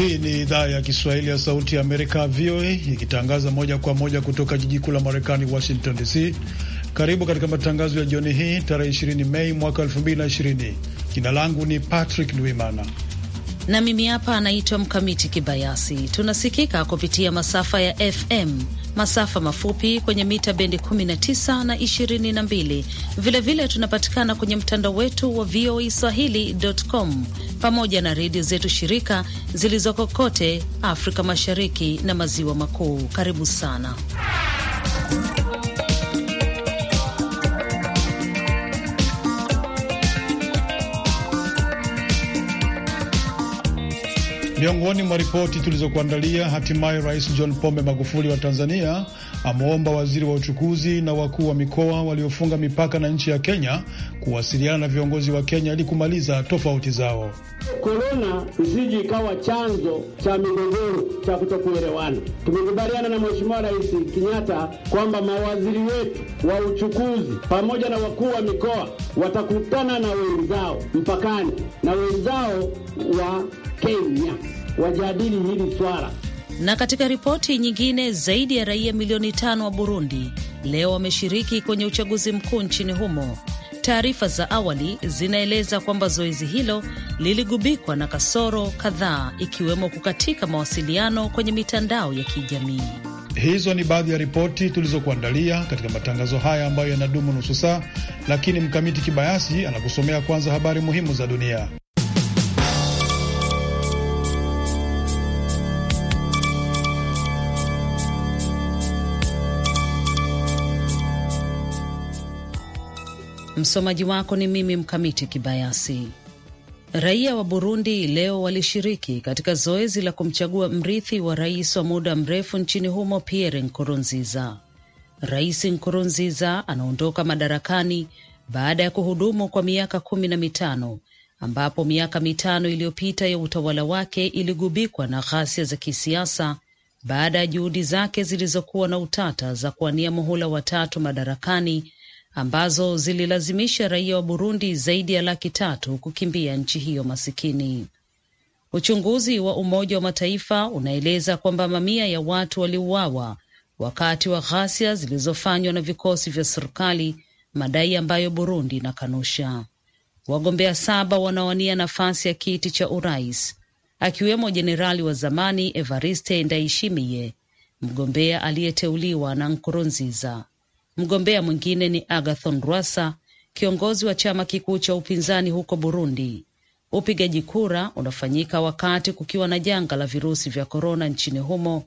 Hii ni idhaa ya Kiswahili ya Sauti ya Amerika, VOA, ikitangaza moja kwa moja kutoka jiji kuu la Marekani, Washington DC. Karibu katika matangazo ya jioni hii tarehe 20 Mei mwaka 2020. Jina langu ni Patrick Ndwimana na mimi hapa anaitwa Mkamiti Kibayasi. Tunasikika kupitia masafa ya FM masafa mafupi kwenye mita bendi 19 na 22. Vilevile tunapatikana kwenye mtandao wetu wa VOA e Swahili.com pamoja na redio zetu shirika zilizoko kote Afrika Mashariki na Maziwa Makuu. Karibu sana. Miongoni mwa ripoti tulizokuandalia, hatimaye Rais John Pombe Magufuli wa Tanzania ameomba waziri wa uchukuzi na wakuu wa mikoa waliofunga mipaka na nchi ya Kenya kuwasiliana na viongozi wa Kenya ili kumaliza tofauti zao. Korona isije ikawa chanzo cha migogoro cha kutokuelewana. Tumekubaliana na Mheshimiwa Rais Kenyatta kwamba mawaziri wetu wa uchukuzi pamoja na wakuu wa mikoa watakutana na wenzao mpakani na wenzao wa Kenya wajadili hili swala. Na katika ripoti nyingine, zaidi ya raia milioni tano wa Burundi leo wameshiriki kwenye uchaguzi mkuu nchini humo. Taarifa za awali zinaeleza kwamba zoezi hilo liligubikwa na kasoro kadhaa, ikiwemo kukatika mawasiliano kwenye mitandao ya kijamii. Hizo ni baadhi ya ripoti tulizokuandalia katika matangazo haya ambayo yanadumu nusu saa, lakini Mkamiti Kibayasi anakusomea kwanza habari muhimu za dunia. Msomaji wako ni mimi Mkamiti Kibayasi. Raia wa Burundi leo walishiriki katika zoezi la kumchagua mrithi wa rais wa muda mrefu nchini humo Pierre Nkurunziza. Rais Nkurunziza anaondoka madarakani baada ya kuhudumu kwa miaka kumi na mitano ambapo miaka mitano iliyopita ya utawala wake iligubikwa na ghasia za kisiasa baada ya juhudi zake zilizokuwa na utata za kuwania muhula watatu madarakani ambazo zililazimisha raia wa Burundi zaidi ya laki tatu kukimbia nchi hiyo masikini. Uchunguzi wa Umoja wa Mataifa unaeleza kwamba mamia ya watu waliuawa wakati wa ghasia zilizofanywa na vikosi vya serikali, madai ambayo Burundi inakanusha. Wagombea saba wanawania nafasi ya kiti cha urais, akiwemo jenerali wa zamani Evariste Ndayishimiye, mgombea aliyeteuliwa na Nkurunziza. Mgombea mwingine ni Agathon Rwasa, kiongozi wa chama kikuu cha upinzani huko Burundi. Upigaji kura unafanyika wakati kukiwa na janga la virusi vya korona nchini humo,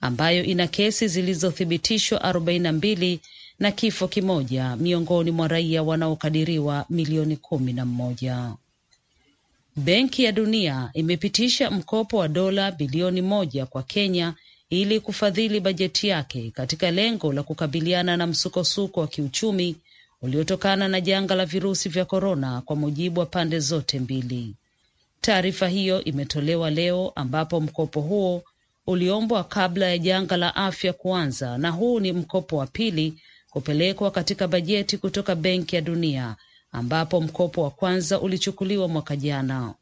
ambayo ina kesi zilizothibitishwa 42 na kifo kimoja miongoni mwa raia wanaokadiriwa milioni kumi na mmoja. Benki ya Dunia imepitisha mkopo wa dola bilioni moja kwa Kenya ili kufadhili bajeti yake katika lengo la kukabiliana na msukosuko wa kiuchumi uliotokana na janga la virusi vya korona, kwa mujibu wa pande zote mbili. Taarifa hiyo imetolewa leo ambapo mkopo huo uliombwa kabla ya janga la afya kuanza, na huu ni mkopo wa pili kupelekwa katika bajeti kutoka Benki ya Dunia, ambapo mkopo wa kwanza ulichukuliwa mwaka jana.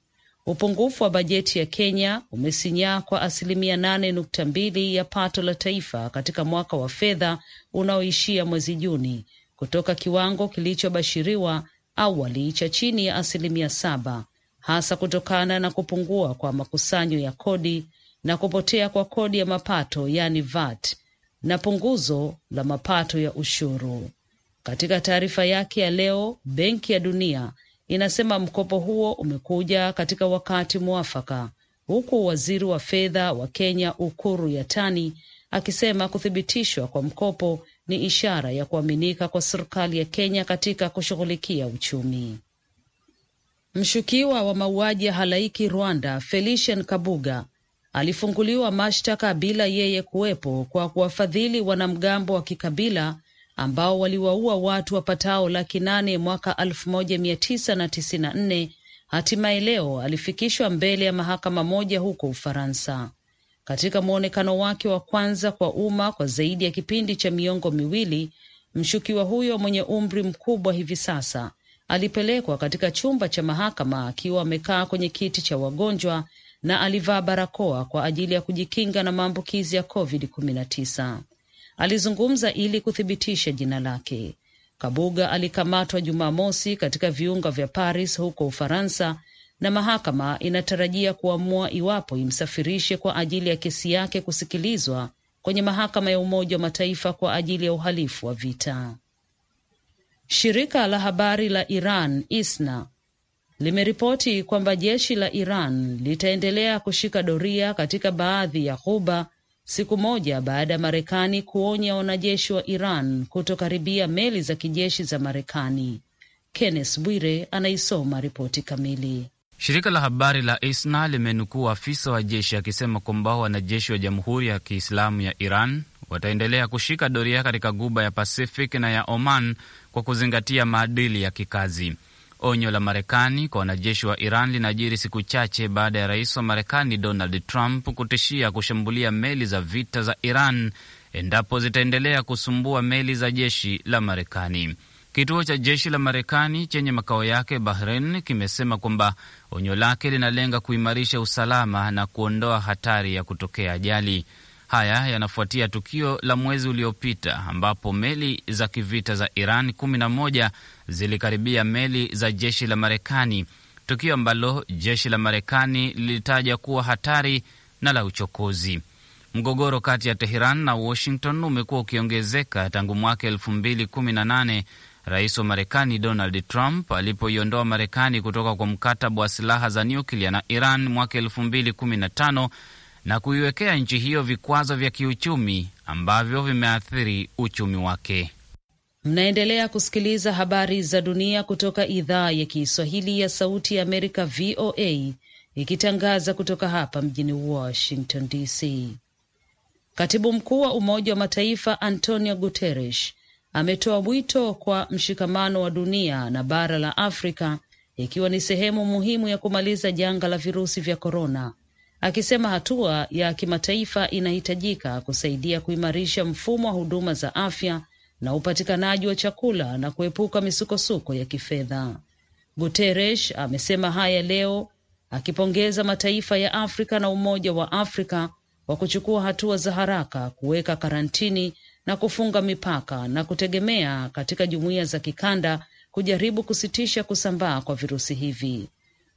Upungufu wa bajeti ya Kenya umesinyaa kwa asilimia nane nukta mbili ya pato la taifa katika mwaka wa fedha unaoishia mwezi Juni kutoka kiwango kilichobashiriwa awali cha chini ya asilimia saba hasa kutokana na kupungua kwa makusanyo ya kodi na kupotea kwa kodi ya mapato yani VAT na punguzo la mapato ya ushuru. Katika taarifa yake ya leo, Benki ya Dunia inasema mkopo huo umekuja katika wakati mwafaka, huku waziri wa fedha wa Kenya Ukuru Yatani akisema kuthibitishwa kwa mkopo ni ishara ya kuaminika kwa serikali ya Kenya katika kushughulikia uchumi. Mshukiwa wa mauaji ya halaiki Rwanda, Felician Kabuga alifunguliwa mashtaka bila yeye kuwepo kwa kuwafadhili wanamgambo wa kikabila ambao waliwaua watu wapatao laki nane mwaka 1994 hatimaye leo alifikishwa mbele ya mahakama moja huko Ufaransa. Katika mwonekano wake wa kwanza kwa umma kwa zaidi ya kipindi cha miongo miwili, mshukiwa huyo mwenye umri mkubwa hivi sasa alipelekwa katika chumba cha mahakama akiwa amekaa kwenye kiti cha wagonjwa na alivaa barakoa kwa ajili ya kujikinga na maambukizi ya COVID-19 alizungumza ili kuthibitisha jina lake. Kabuga alikamatwa Jumamosi katika viunga vya Paris huko Ufaransa, na mahakama inatarajia kuamua iwapo imsafirishe kwa ajili ya kesi yake kusikilizwa kwenye mahakama ya Umoja wa Mataifa kwa ajili ya uhalifu wa vita. Shirika la habari la Iran ISNA limeripoti kwamba jeshi la Iran litaendelea kushika doria katika baadhi ya ghuba siku moja baada ya Marekani kuonya wanajeshi wa Iran kutokaribia meli za kijeshi za Marekani. Kenneth Bwire anaisoma ripoti kamili. Shirika la habari la ISNA limenukuu afisa wa jeshi akisema kwamba wanajeshi wa Jamhuri ya Kiislamu ya Iran wataendelea kushika doria katika Guba ya Pacific na ya Oman kwa kuzingatia maadili ya kikazi. Onyo la Marekani kwa wanajeshi wa Iran linajiri siku chache baada ya rais wa Marekani Donald Trump kutishia kushambulia meli za vita za Iran endapo zitaendelea kusumbua meli za jeshi la Marekani. Kituo cha jeshi la Marekani chenye makao yake Bahrain kimesema kwamba onyo lake linalenga kuimarisha usalama na kuondoa hatari ya kutokea ajali. Haya yanafuatia tukio la mwezi uliopita ambapo meli za kivita za Iran 11 zilikaribia meli za jeshi la Marekani, tukio ambalo jeshi la Marekani lilitaja kuwa hatari na la uchokozi. Mgogoro kati ya Teheran na Washington umekuwa ukiongezeka tangu mwaka elfu Rais wa Marekani Donald Trump alipoiondoa Marekani kutoka kwa mkataba wa silaha za nyuklia na Iran mwaka elfu na kuiwekea nchi hiyo vikwazo vya kiuchumi ambavyo vimeathiri uchumi wake. Mnaendelea kusikiliza habari za dunia kutoka idhaa ya Kiswahili ya Sauti ya Amerika, VOA, ikitangaza kutoka hapa mjini Washington DC. Katibu mkuu wa Umoja wa Mataifa Antonio Guterres ametoa wito kwa mshikamano wa dunia na bara la Afrika, ikiwa ni sehemu muhimu ya kumaliza janga la virusi vya korona akisema hatua ya kimataifa inahitajika kusaidia kuimarisha mfumo wa huduma za afya na upatikanaji wa chakula na kuepuka misukosuko ya kifedha. Guterres amesema haya leo akipongeza mataifa ya Afrika na Umoja wa Afrika kwa kuchukua hatua za haraka kuweka karantini na kufunga mipaka na kutegemea katika jumuiya za kikanda kujaribu kusitisha kusambaa kwa virusi hivi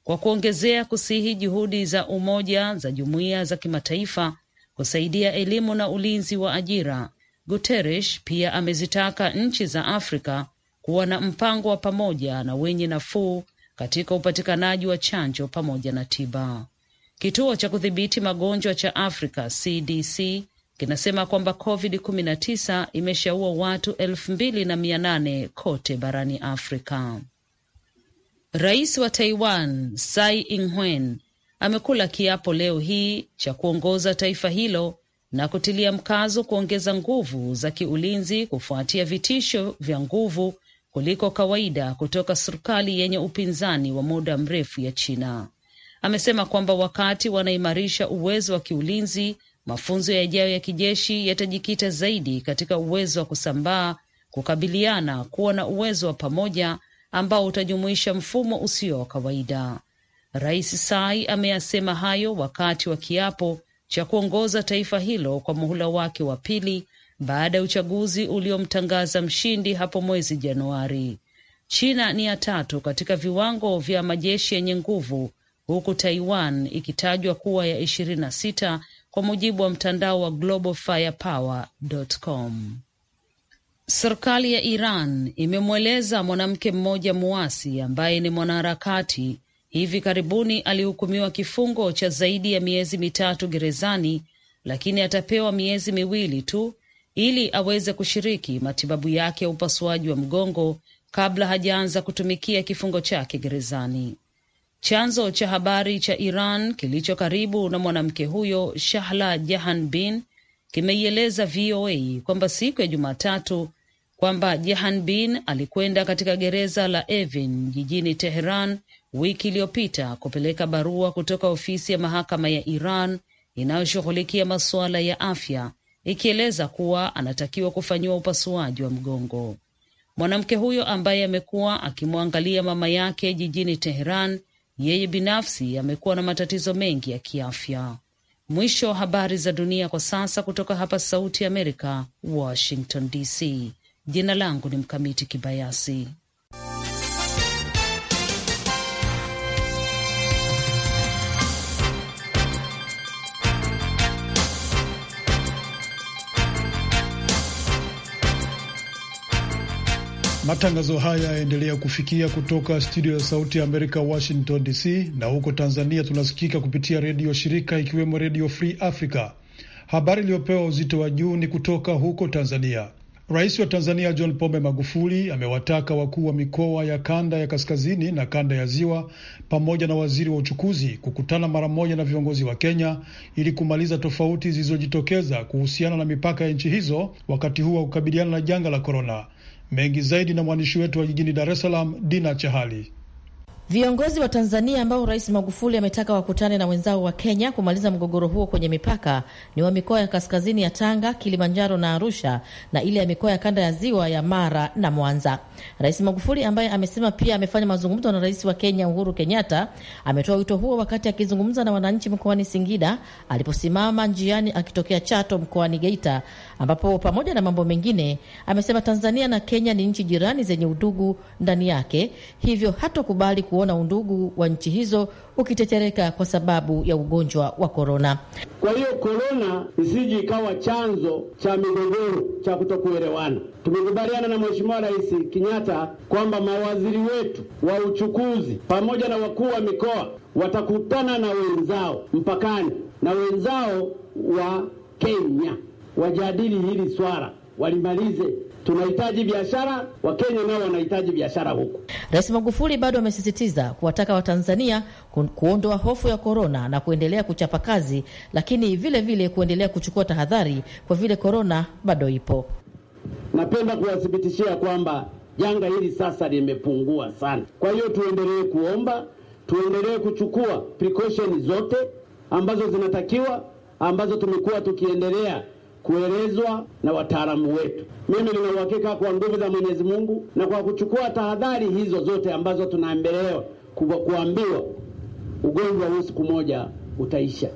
kwa kuongezea kusihi juhudi za umoja za jumuiya za kimataifa kusaidia elimu na ulinzi wa ajira. Guterres pia amezitaka nchi za Afrika kuwa na mpango wa pamoja na wenye nafuu katika upatikanaji wa chanjo pamoja na tiba. Kituo cha kudhibiti magonjwa cha Afrika CDC kinasema kwamba COVID-19 imeshaua watu elfu mbili na mia nane kote barani Afrika. Rais wa Taiwan Tsai Ing-wen amekula kiapo leo hii cha kuongoza taifa hilo na kutilia mkazo kuongeza nguvu za kiulinzi kufuatia vitisho vya nguvu kuliko kawaida kutoka serikali yenye upinzani wa muda mrefu ya China. Amesema kwamba wakati wanaimarisha uwezo wa kiulinzi, mafunzo yajayo ya kijeshi yatajikita zaidi katika uwezo wa kusambaa, kukabiliana, kuwa na uwezo wa pamoja ambao utajumuisha mfumo usio wa kawaida. Rais Sai ameyasema hayo wakati wa kiapo cha kuongoza taifa hilo kwa muhula wake wa pili baada ya uchaguzi uliomtangaza mshindi hapo mwezi Januari. China ni ya tatu katika viwango vya majeshi yenye nguvu huku Taiwan ikitajwa kuwa ya ishirini na sita kwa mujibu wa mtandao wa globalfirepower.com. Serikali ya Iran imemweleza mwanamke mmoja muasi ambaye ni mwanaharakati hivi karibuni alihukumiwa kifungo cha zaidi ya miezi mitatu gerezani, lakini atapewa miezi miwili tu ili aweze kushiriki matibabu yake ya upasuaji wa mgongo kabla hajaanza kutumikia kifungo chake gerezani. Chanzo cha habari cha Iran kilicho karibu na mwanamke huyo Shahla Jahanbin kimeieleza VOA kwamba siku ya Jumatatu kwamba Bin alikwenda katika gereza la Evin jijini Teheran wiki iliyopita kupeleka barua kutoka ofisi ya mahakama ya Iran inayoshughulikia masuala ya afya ikieleza kuwa anatakiwa kufanyiwa upasuaji wa mgongo. Mwanamke huyo ambaye amekuwa akimwangalia mama yake jijini Teheran, yeye binafsi amekuwa na matatizo mengi ya kiafya. Mwisho wa habari za dunia kwa sasa kutoka hapa Sauti ya Amerika, Washington DC. Jina langu ni Mkamiti Kibayasi. Matangazo haya yaendelea kufikia kutoka studio ya Sauti ya Amerika, Washington DC, na huko Tanzania tunasikika kupitia redio shirika ikiwemo Redio Free Africa. Habari iliyopewa uzito wa juu ni kutoka huko Tanzania. Rais wa Tanzania John Pombe Magufuli amewataka wakuu wa mikoa ya kanda ya kaskazini na kanda ya ziwa pamoja na waziri wa uchukuzi kukutana mara moja na viongozi wa Kenya ili kumaliza tofauti zilizojitokeza kuhusiana na mipaka ya nchi hizo wakati huu wa kukabiliana na janga la korona. Mengi zaidi na mwandishi wetu wa jijini Dar es Salaam, Dina Chahali. Viongozi wa Tanzania ambao Rais Magufuli ametaka wakutane na wenzao wa Kenya kumaliza mgogoro huo kwenye mipaka ni wa mikoa ya kaskazini ya Tanga, Kilimanjaro na Arusha na ile ya mikoa ya kanda ya ziwa ya Mara na Mwanza. Rais Magufuli ambaye amesema pia amefanya mazungumzo na Rais wa Kenya Uhuru Kenyatta ametoa wito huo wakati akizungumza na wananchi mkoani Singida aliposimama njiani akitokea Chato mkoani Geita, ambapo pamoja na mambo mengine amesema Tanzania na Kenya ni nchi jirani zenye udugu ndani yake, hivyo hatokubali kuona undugu wa nchi hizo ukitetereka kwa sababu ya ugonjwa wa korona. Kwa hiyo korona isije ikawa chanzo cha migogoro cha kutokuelewana. Tumekubaliana na Mheshimiwa Rais Kenyatta kwamba mawaziri wetu wa uchukuzi pamoja na wakuu wa mikoa watakutana na wenzao mpakani na wenzao wa Kenya wajadili hili swala walimalize tunahitaji biashara, Wakenya nao wanahitaji biashara huku. Rais Magufuli bado amesisitiza kuwataka Watanzania kuondoa hofu ya korona na kuendelea kuchapa kazi, lakini vile vile kuendelea kuchukua tahadhari kwa vile korona bado ipo. Napenda kuwathibitishia kwamba janga hili sasa limepungua sana. Kwa hiyo tuendelee kuomba, tuendelee kuchukua precaution zote ambazo zinatakiwa, ambazo tumekuwa tukiendelea kuelezwa na wataalamu wetu. Mimi nina uhakika kwa nguvu za Mwenyezi Mungu na kwa kuchukua tahadhari hizo zote ambazo tunaembelewa kuambiwa, ugonjwa huu siku moja utaisha.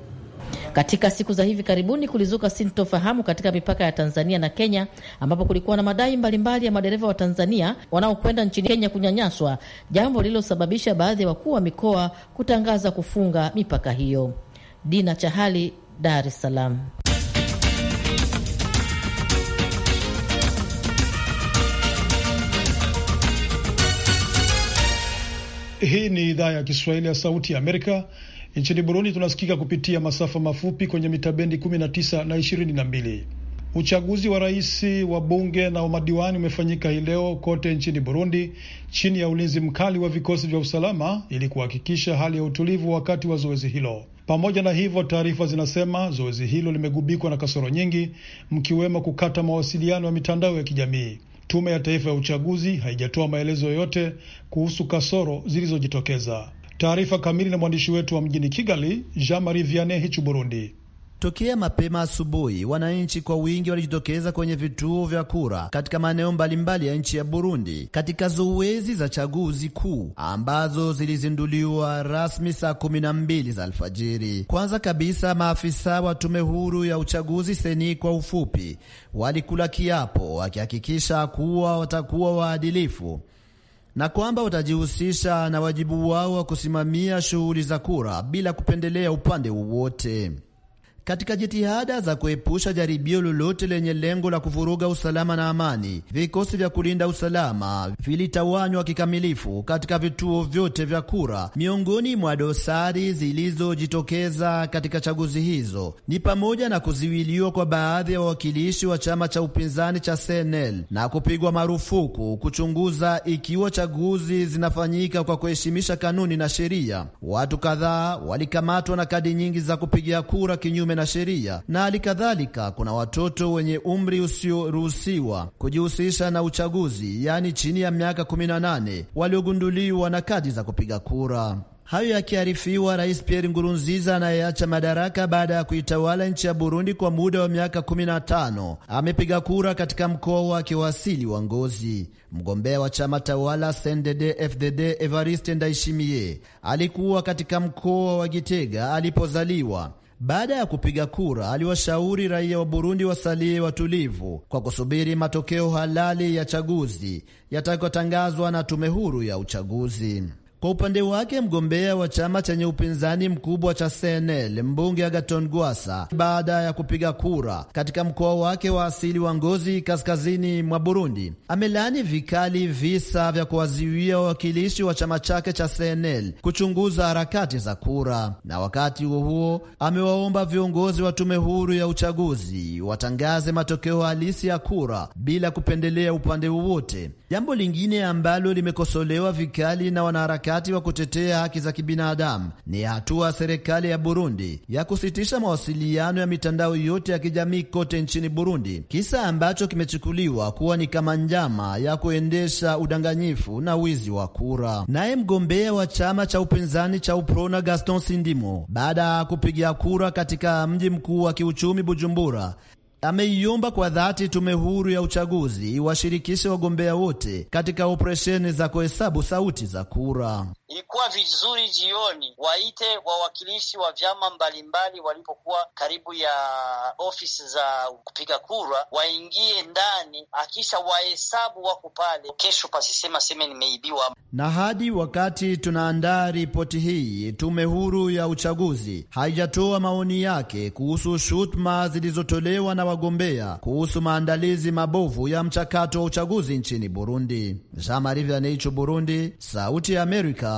Katika siku za hivi karibuni kulizuka sintofahamu katika mipaka ya Tanzania na Kenya, ambapo kulikuwa na madai mbalimbali mbali ya madereva wa Tanzania wanaokwenda nchini Kenya kunyanyaswa, jambo lililosababisha baadhi ya wakuu wa mikoa kutangaza kufunga mipaka hiyo. Dina Chahali, Dar es Salaam. Hii ni idhaa ya Kiswahili ya Sauti ya Amerika. Nchini Burundi tunasikika kupitia masafa mafupi kwenye mitabendi 19 na 22. Uchaguzi wa rais wa bunge na wa madiwani umefanyika hii leo kote nchini Burundi chini ya ulinzi mkali wa vikosi vya usalama ili kuhakikisha hali ya utulivu wakati wa zoezi hilo. Pamoja na hivyo, taarifa zinasema zoezi hilo limegubikwa na kasoro nyingi, mkiwemo kukata mawasiliano ya mitandao ya kijamii. Tume ya Taifa ya Uchaguzi haijatoa maelezo yoyote kuhusu kasoro zilizojitokeza. Taarifa kamili na mwandishi wetu wa mjini Kigali, Jean Marie Vianney Hichu, Burundi. Tokea mapema asubuhi, wananchi kwa wingi walijitokeza kwenye vituo vya kura katika maeneo mbalimbali ya nchi ya Burundi katika zoezi za chaguzi kuu ambazo zilizinduliwa rasmi saa kumi na mbili za alfajiri. Kwanza kabisa, maafisa wa tume huru ya uchaguzi seni kwa ufupi, walikula kiapo wakihakikisha kuwa watakuwa waadilifu na kwamba watajihusisha na wajibu wao wa kusimamia shughuli za kura bila kupendelea upande wowote katika jitihada za kuepusha jaribio lolote lenye lengo la kuvuruga usalama na amani, vikosi vya kulinda usalama vilitawanywa kikamilifu katika vituo vyote vya kura. Miongoni mwa dosari zilizojitokeza katika chaguzi hizo ni pamoja na kuziwiliwa kwa baadhi ya wawakilishi wa chama cha upinzani cha CNL na kupigwa marufuku kuchunguza ikiwa chaguzi zinafanyika kwa kuheshimisha kanuni na sheria. Watu kadhaa walikamatwa na kadi nyingi za kupigia kura kinyume na sheria na hali kadhalika, kuna watoto wenye umri usioruhusiwa kujihusisha na uchaguzi, yaani chini ya miaka 18 waliogunduliwa na kadi za kupiga kura. Hayo yakiarifiwa, Rais Pierre Ngurunziza anayeacha madaraka baada ya kuitawala nchi ya Burundi kwa muda wa miaka 15 amepiga kura katika mkoa wake wa asili wa Ngozi. Mgombea wa chama tawala CNDD FDD Evariste Ndayishimiye alikuwa katika mkoa wa Gitega alipozaliwa baada ya kupiga kura, aliwashauri raia wa Burundi wasalie watulivu kwa kusubiri matokeo halali ya chaguzi yatakayotangazwa na tume huru ya uchaguzi. Kwa upande wake mgombea wa chama chenye upinzani mkubwa cha CNL mbunge Agaton Gwasa, baada ya kupiga kura katika mkoa wake wa asili wa Ngozi, kaskazini mwa Burundi, amelaani vikali visa vya kuwaziwia wawakilishi wa chama chake cha CNL kuchunguza harakati za kura, na wakati huo huo amewaomba viongozi wa tume huru ya uchaguzi watangaze matokeo halisi ya kura bila kupendelea upande wowote. Jambo lingine ambalo limekosolewa vikali na wanaharakati wanaharakati wa kutetea haki za kibinadamu ni hatua serikali ya Burundi ya kusitisha mawasiliano ya mitandao yote ya kijamii kote nchini Burundi, kisa ambacho kimechukuliwa kuwa ni kama njama ya kuendesha udanganyifu na wizi wa kura. Naye mgombea wa chama cha upinzani cha UPRONA Gaston Sindimo, baada ya kupiga kura katika mji mkuu wa kiuchumi Bujumbura, ameiomba kwa dhati tume huru ya uchaguzi iwashirikishe wagombea wote katika operesheni za kuhesabu sauti za kura. Ilikuwa vizuri jioni waite wawakilishi wa vyama mbalimbali walipokuwa karibu ya ofisi za kupiga kura, waingie ndani, akisha wahesabu wako pale, kesho pasisema seme nimeibiwa. Na hadi wakati tunaandaa ripoti hii, tume huru ya uchaguzi haijatoa maoni yake kuhusu shutuma zilizotolewa na wagombea kuhusu maandalizi mabovu ya mchakato wa uchaguzi nchini Burundi. Burundi, Sauti ya Amerika.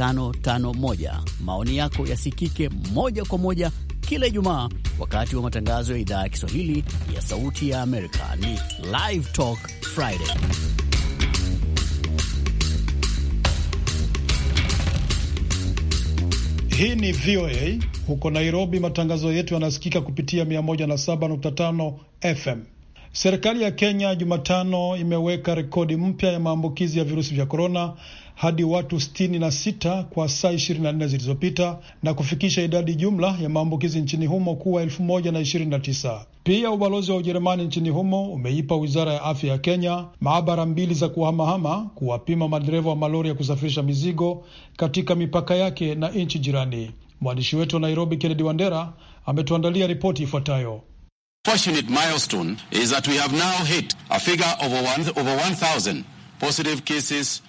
551. Maoni yako yasikike moja kwa moja kila Ijumaa wakati wa matangazo ya idhaa ya Kiswahili ya Sauti ya Amerika. Ni Live Talk Friday. Hii ni VOA huko Nairobi. Matangazo yetu yanasikika kupitia 107.5 FM. Serikali ya Kenya Jumatano imeweka rekodi mpya ya maambukizi ya virusi vya korona hadi watu 66 na sita kwa saa 24 na nne zilizopita na kufikisha idadi jumla ya maambukizi nchini humo kuwa elfu moja na tisa. Pia ubalozi wa Ujerumani nchini humo umeipa wizara ya afya ya Kenya maabara mbili za kuhamahama kuwapima madereva wa malori ya kusafirisha mizigo katika mipaka yake na nchi jirani. Mwandishi wetu wa Nairobi, Kennedy Wandera, ametuandalia ripoti ifuatayo. Positive cases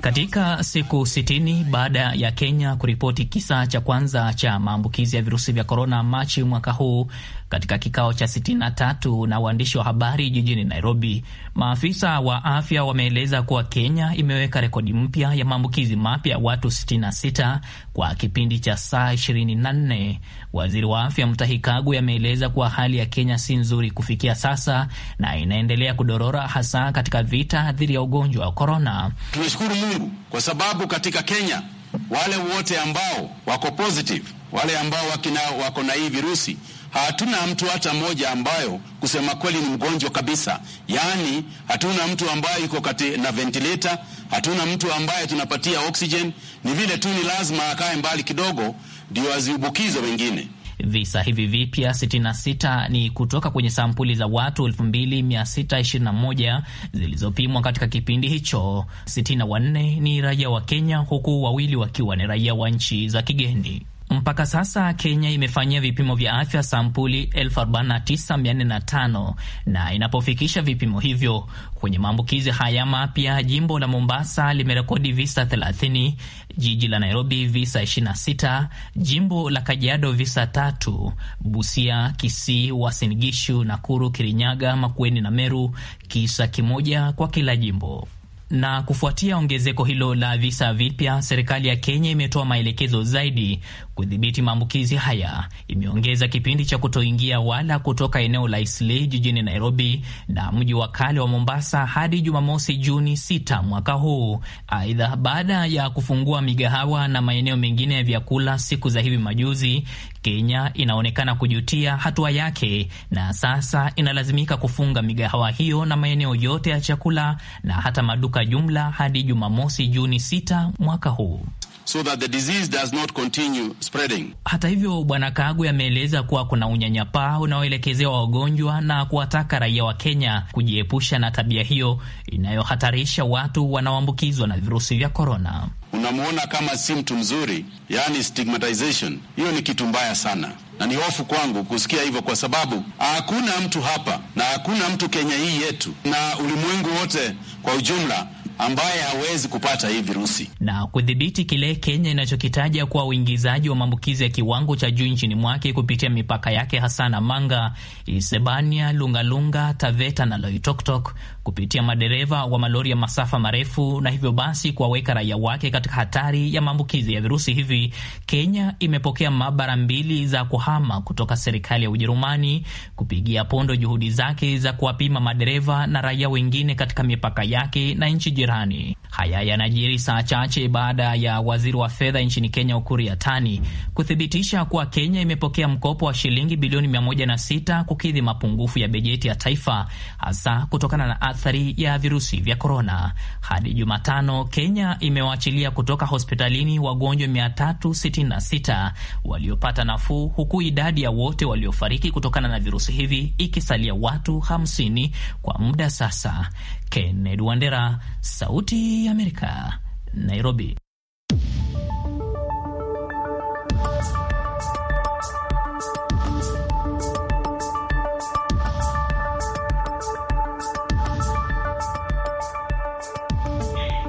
katika siku 60 baada ya Kenya kuripoti kisa cha kwanza cha maambukizi ya virusi vya korona Machi mwaka huu, katika kikao cha 63 na waandishi wa habari jijini Nairobi. Maafisa wa afya wameeleza kuwa Kenya imeweka rekodi mpya ya maambukizi mapya ya watu 66 kwa kipindi cha saa 24. Waziri wa afya Mutahi Kagwe ameeleza kuwa hali ya Kenya si nzuri kufikia sasa na inaendelea kudorora, hasa katika vita dhidi ya ugonjwa wa korona. Tunashukuru Mungu kwa sababu katika Kenya wale wote ambao wako positive, wale ambao wakina wako na hii virusi hatuna mtu hata mmoja ambayo kusema kweli ni mgonjwa kabisa. Yaani hatuna mtu ambaye yuko kati na ventilator, hatuna mtu ambaye tunapatia oxygen. Ni vile tu ni lazima akae mbali kidogo ndio aziubukize wengine. Visa hivi vipya 66 ni kutoka kwenye sampuli za watu 2621 zilizopimwa katika kipindi hicho. 64 ni raia wa Kenya, huku wawili wakiwa ni raia wa nchi za kigeni. Mm. Mpaka sasa Kenya imefanyia vipimo vya afya sampuli 49405 na inapofikisha vipimo hivyo kwenye maambukizi haya mapya, jimbo la Mombasa limerekodi visa 30, jiji la Nairobi visa 26, jimbo la Kajiado visa tatu, Busia, Kisii, Wasingishu, Nakuru, Kirinyaga, Makueni na Meru, kisa kimoja kwa kila jimbo. Na kufuatia ongezeko hilo la visa vipya, serikali ya Kenya imetoa maelekezo zaidi kudhibiti maambukizi haya. Imeongeza kipindi cha kutoingia wala kutoka eneo la Eastleigh jijini Nairobi na mji wa kale wa Mombasa hadi Jumamosi, Juni 6 mwaka huu. Aidha, baada ya kufungua migahawa na maeneo mengine ya vyakula siku za hivi majuzi, Kenya inaonekana kujutia hatua yake na sasa inalazimika kufunga migahawa hiyo na maeneo yote ya chakula na hata maduka jumla hadi Jumamosi Juni 6 mwaka huu. So that the disease does not continue spreading. Hata hivyo, Bwana Kagwe ameeleza kuwa kuna unyanyapaa unaoelekezewa wagonjwa na kuwataka raia wa Kenya kujiepusha na tabia hiyo inayohatarisha watu wanaoambukizwa na virusi vya korona unamuona kama si mtu mzuri, yani stigmatization hiyo ni kitu mbaya sana, na ni hofu kwangu kusikia hivyo, kwa sababu hakuna mtu hapa na hakuna mtu Kenya hii yetu na ulimwengu wote kwa ujumla ambaye hawezi kupata hii virusi na kudhibiti kile Kenya inachokitaja kuwa uingizaji wa maambukizi ya kiwango cha juu nchini mwake kupitia mipaka yake hasa Namanga, Isebania, Lungalunga, Taveta na Loitoktok kupitia madereva wa malori ya masafa marefu na hivyo basi kuwaweka raia wake katika hatari ya maambukizi ya virusi hivi. Kenya imepokea maabara mbili za kuhama kutoka serikali ya Ujerumani kupigia pondo juhudi zake za kuwapima madereva na raia wengine katika mipaka yake na nchi jirani jirani. Haya yanajiri saa chache baada ya waziri wa fedha nchini Kenya ukuri Yatani kuthibitisha kuwa Kenya imepokea mkopo wa shilingi bilioni 106 kukidhi mapungufu ya bajeti ya taifa, hasa kutokana na athari ya virusi vya korona. Hadi Jumatano, Kenya imewaachilia kutoka hospitalini wagonjwa 366 waliopata nafuu, huku idadi ya wote waliofariki kutokana na virusi hivi ikisalia watu 50 kwa muda sasa. Kennedy Wandera Sauti ya Amerika, Nairobi.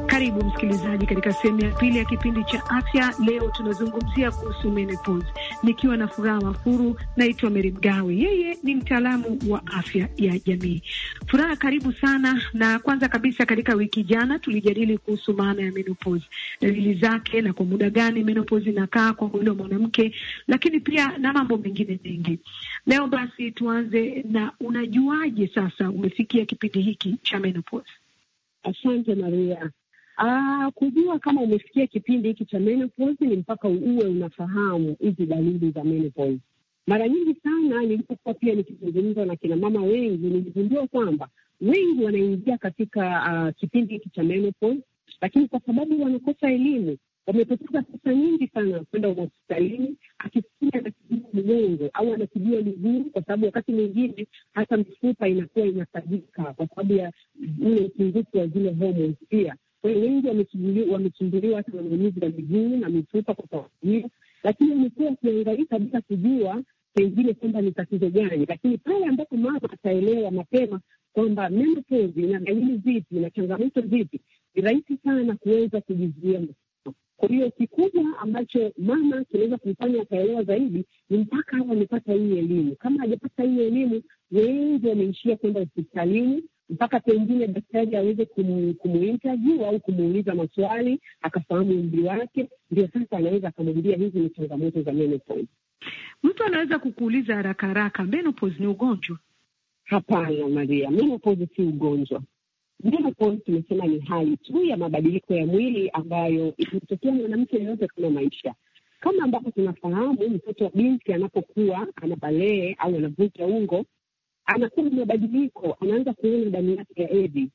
Karibu msikilizaji katika sehemu ya pili ya kipindi cha afya. Leo tunazungumzia kuhusu menopause nikiwa na furaha mafuru. Naitwa Meri Mgawe, yeye ni mtaalamu wa afya ya jamii. Furaha, karibu sana. Na kwanza kabisa, katika wiki jana tulijadili kuhusu maana ya menopozi, dalili zake na kwa muda gani menopozi inakaa kwa mwili wa mwanamke, lakini pia na mambo mengine mengi. Leo basi tuanze na unajuaje sasa umefikia kipindi hiki cha menopozi? Asante Maria. Aa, ah, kujua kama umefikia kipindi hiki cha menopause ni mpaka uwe unafahamu hizi dalili za menopause. Mara nyingi sana nilipokuwa pia nikizungumza na kina mama wengi, niligundua kwamba wengi wanaingia katika uh, kipindi hiki cha menopause, lakini kwa sababu wanakosa elimu wamepoteza pesa nyingi sana kwenda hospitalini, akisikia anatibiwa mgongo au anatibiwa miguu, kwa sababu wakati mwingine hata mifupa inakuwa inatajika kwa sababu ya ule mm, upungufu wa zile homoni pia kwa wengi wamesumbuliwa hata na maumivu ya miguu na mifupa kwa kufagia, lakini wamekuwa wakiangaika bila kujua pengine kwamba ni tatizo gani, lakini pale ambapo mama ataelewa mapema kwamba menopause ina dalili zipi na changamoto zipi, ni rahisi sana kuweza kujizuia. Kwa hiyo kikubwa ambacho mama kinaweza kumfanya akaelewa zaidi ni mpaka hawa amepata hii elimu. Kama hajapata hii elimu, wengi wameishia kwenda hospitalini mpaka pengine daktari aweze kumuinterview au kumuuliza maswali akafahamu umri wake, ndio sasa anaweza akamwambia hizi ni changamoto za menopause. Mtu anaweza kukuuliza haraka haraka, menopause ni ugonjwa? Hapana Maria, menopause si ugonjwa. Menopause tumesema ni hali tu ya mabadiliko ya mwili ambayo ikitokea mwanamke yoyote kama maisha kama ambapo tunafahamu, mtoto wa binti anapokuwa ana balee au anavuta ungo, anakuwa na mabadiliko, anaanza kuona damu yake ya hedhi.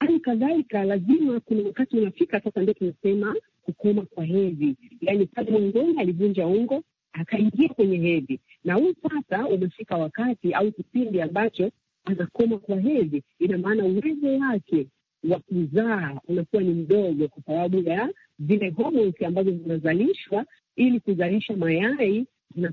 Hali kadhalika, lazima kuna wakati unafika sasa, ndio tunasema kukoma kwa hedhi, yaani pale mwanzoni alivunja ungo akaingia kwenye hedhi, na huu sasa umefika wakati au kipindi ambacho anakoma kwa hedhi. Ina maana uwezo wake wa kuzaa unakuwa ni mdogo kwa sababu ya zile homoni ambazo zinazalishwa ili kuzalisha mayai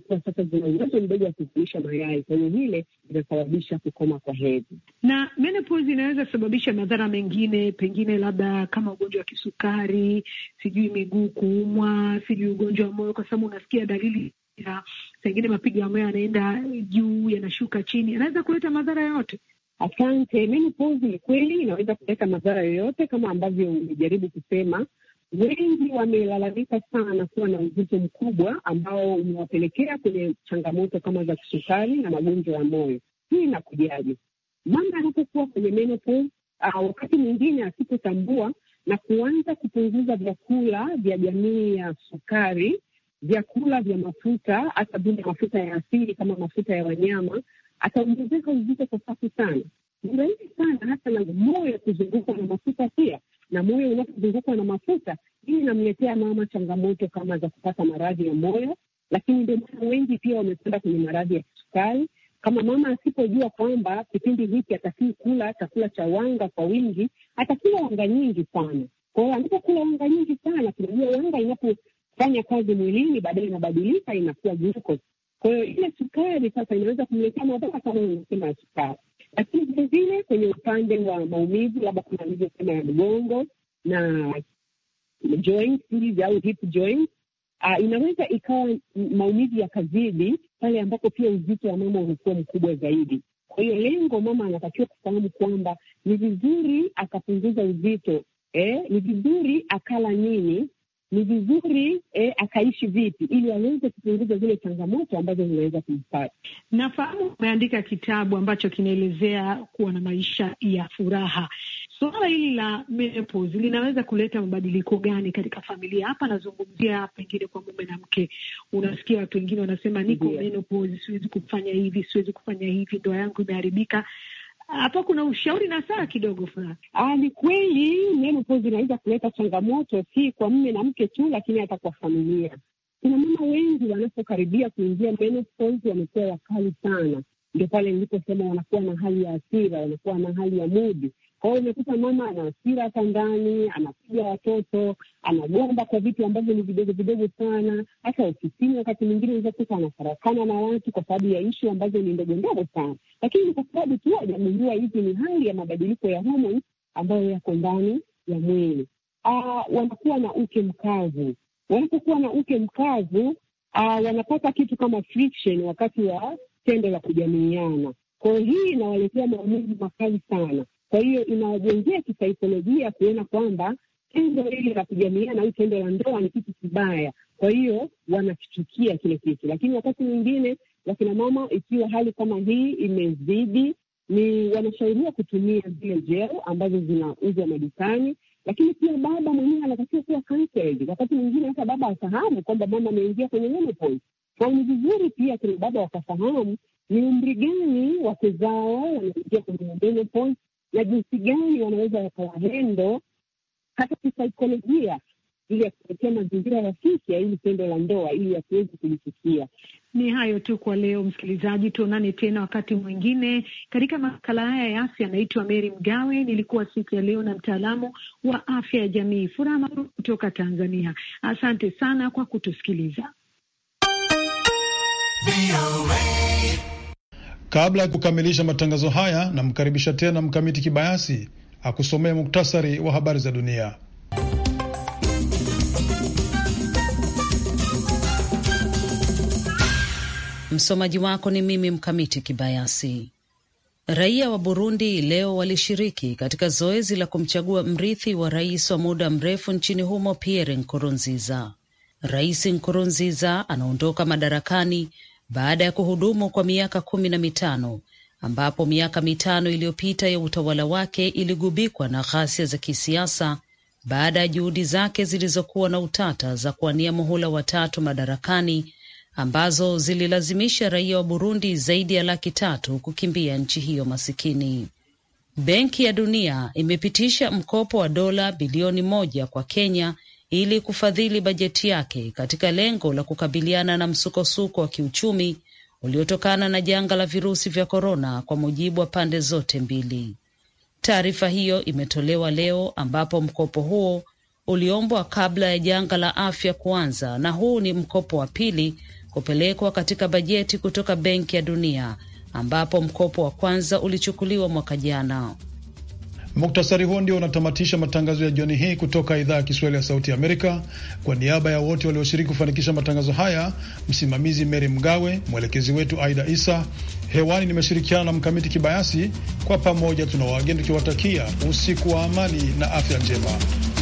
kwa sasa zina uwezo mdogo wa kufuisha mayai, kwa hiyo hile inasababisha kukoma kwa hedhi. Na menopause inaweza kusababisha madhara mengine, pengine labda kama ugonjwa wa kisukari, sijui miguu kuumwa, sijui ugonjwa wa moyo, kwa sababu unasikia dalili ya pengine mapigo ya moyo yanaenda juu, yanashuka chini, anaweza kuleta madhara yoyote. Asante. Menopause ni kweli inaweza kuleta madhara yoyote kama ambavyo umejaribu kusema wengi wamelalamika sana kuwa na uzito mkubwa ambao umewapelekea kwenye changamoto kama za kisukari na magonjwa ya moyo. Hii inakujaje? Mama anapokuwa kwenye menopause, uh, wakati mwingine asipotambua na kuanza kupunguza vyakula vya jamii ya sukari, vyakula vya mafuta, hata vile mafuta ya asili kama mafuta ya wanyama, ataongezeka uzito kwa safu sana. Ni rahisi sana hata na moyo kuzungukwa na mafuta pia na moyo unapozungukwa na mafuta, hii inamletea mama changamoto kama za kupata maradhi ya moyo, lakini ndio maana wengi pia wamekwenda kwenye maradhi ya kisukari. Kama mama asipojua kwamba kipindi hiki atakii kula chakula cha wanga kwa wingi, atakula wanga nyingi sana. Kwa hiyo anapokula wanga nyingi sana, tunajua wanga inapofanya kazi mwilini, baadaye inabadilika, inakuwa glucose. Kwa hiyo ile sukari sasa inaweza kumletea madhara kama unasema ya sukari lakini vilevile kwenye upande wa maumivu, labda kuna alivyosema ya mgongo na hizi au hip Uh, inaweza ikawa maumivu kazidi pale ambapo pia uzito wa mama unakuwa mkubwa zaidi. Kwa hiyo lengo, mama anatakiwa kufahamu kwamba ni vizuri akapunguza uzito eh, ni vizuri akala nini ni vizuri eh, akaishi vipi ili aweze kupunguza zile changamoto ambazo zinaweza kumpata. Nafahamu umeandika kitabu ambacho kinaelezea kuwa na maisha ya furaha. Suala hili la menopause linaweza kuleta mabadiliko gani katika familia? Hapa nazungumzia pengine kwa mume na mke. Unasikia watu wengine wanasema niko menopause, siwezi kufanya hivi, siwezi kufanya hivi, ndoa yangu imeharibika hapo kuna ushauri na saa kidogo fulani. Ah, ni kweli menopause inaweza kuleta changamoto, si kwa mme na mke tu, lakini hata kwa familia. Kuna mama wengi wanapokaribia kuingia menopause wamekuwa wakali sana, ndio pale niliposema wanakuwa na hali ya hasira, wanakuwa na hali ya mudi kwa hiyo unakuta mama ana hasira hapa ndani, anapiga watoto, anagomba kwa vitu ambavyo ni vidogo vidogo sana. Hata ofisini wakati mwingine unaweza kuta anafarakana na watu kwa sababu ya ishu ambazo ni ndogo ndogo sana, lakini ni kwa sababu tu hajagundua hizi ni hali ya mabadiliko ya homoni ambayo yako ndani ya mwili. Ah, wanakuwa na uke mkavu. Wanapokuwa na uke mkavu, ah, wanapata kitu kama friction wakati wa tendo la kujamiiana. Kwa hiyo hii inawaletea maumivu makali sana kwa hiyo inawajengea kisaikolojia kuona kwamba tendo hili la kujamiana au tendo la ndoa ni kitu kibaya, kwa hiyo wanakichukia kile kitu. Lakini wakati mwingine wakina mama, ikiwa hali kama hii imezidi, ni wanashauriwa kutumia zile jeo ambazo zinauzwa madukani lakini pia baba mwenyewe anatakiwa kuwa counseled. Wakati mwingine hata baba afahamu kwamba mama ameingia kwenye menopause, kwa ni vizuri pia kina baba wakafahamu ni umri gani wake zao wanaingia kwenye menopause, na jinsi gani wanaweza wakawa hata kisaikolojia ili ya mazingira rafiki ya hili tendo la ndoa ili yasiwezi kulifikia Ni hayo tu kwa leo, msikilizaji. Tuonane tena wakati mwingine katika makala haya ya afya. Anaitwa Meri Mgawe, nilikuwa siku ya leo na mtaalamu wa afya ya jamii Furaha Maru kutoka Tanzania. Asante sana kwa kutusikiliza. Kabla ya kukamilisha matangazo haya, namkaribisha tena Mkamiti Kibayasi akusomea muktasari wa habari za dunia. Msomaji wako ni mimi Mkamiti Kibayasi. Raia wa Burundi leo walishiriki katika zoezi la kumchagua mrithi wa rais wa muda mrefu nchini humo Pierre Nkurunziza. Rais Nkurunziza anaondoka madarakani baada ya kuhudumu kwa miaka kumi na mitano ambapo miaka mitano iliyopita ya utawala wake iligubikwa na ghasia za kisiasa baada ya juhudi zake zilizokuwa na utata za kuwania muhula watatu madarakani ambazo zililazimisha raia wa Burundi zaidi ya laki tatu kukimbia nchi hiyo masikini. Benki ya Dunia imepitisha mkopo wa dola bilioni moja kwa Kenya ili kufadhili bajeti yake katika lengo la kukabiliana na msukosuko wa kiuchumi uliotokana na janga la virusi vya korona, kwa mujibu wa pande zote mbili. Taarifa hiyo imetolewa leo ambapo mkopo huo uliombwa kabla ya janga la afya kuanza, na huu ni mkopo wa pili kupelekwa katika bajeti kutoka Benki ya Dunia, ambapo mkopo wa kwanza ulichukuliwa mwaka jana. Muktasari huo ndio unatamatisha matangazo ya jioni hii kutoka idhaa ya Kiswahili ya Sauti Amerika. Kwa niaba ya wote walioshiriki kufanikisha matangazo haya, msimamizi Meri Mgawe, mwelekezi wetu Aida Isa, hewani nimeshirikiana na Mkamiti Kibayasi. Kwa pamoja, tuna wageni tukiwatakia usiku wa amani na afya njema.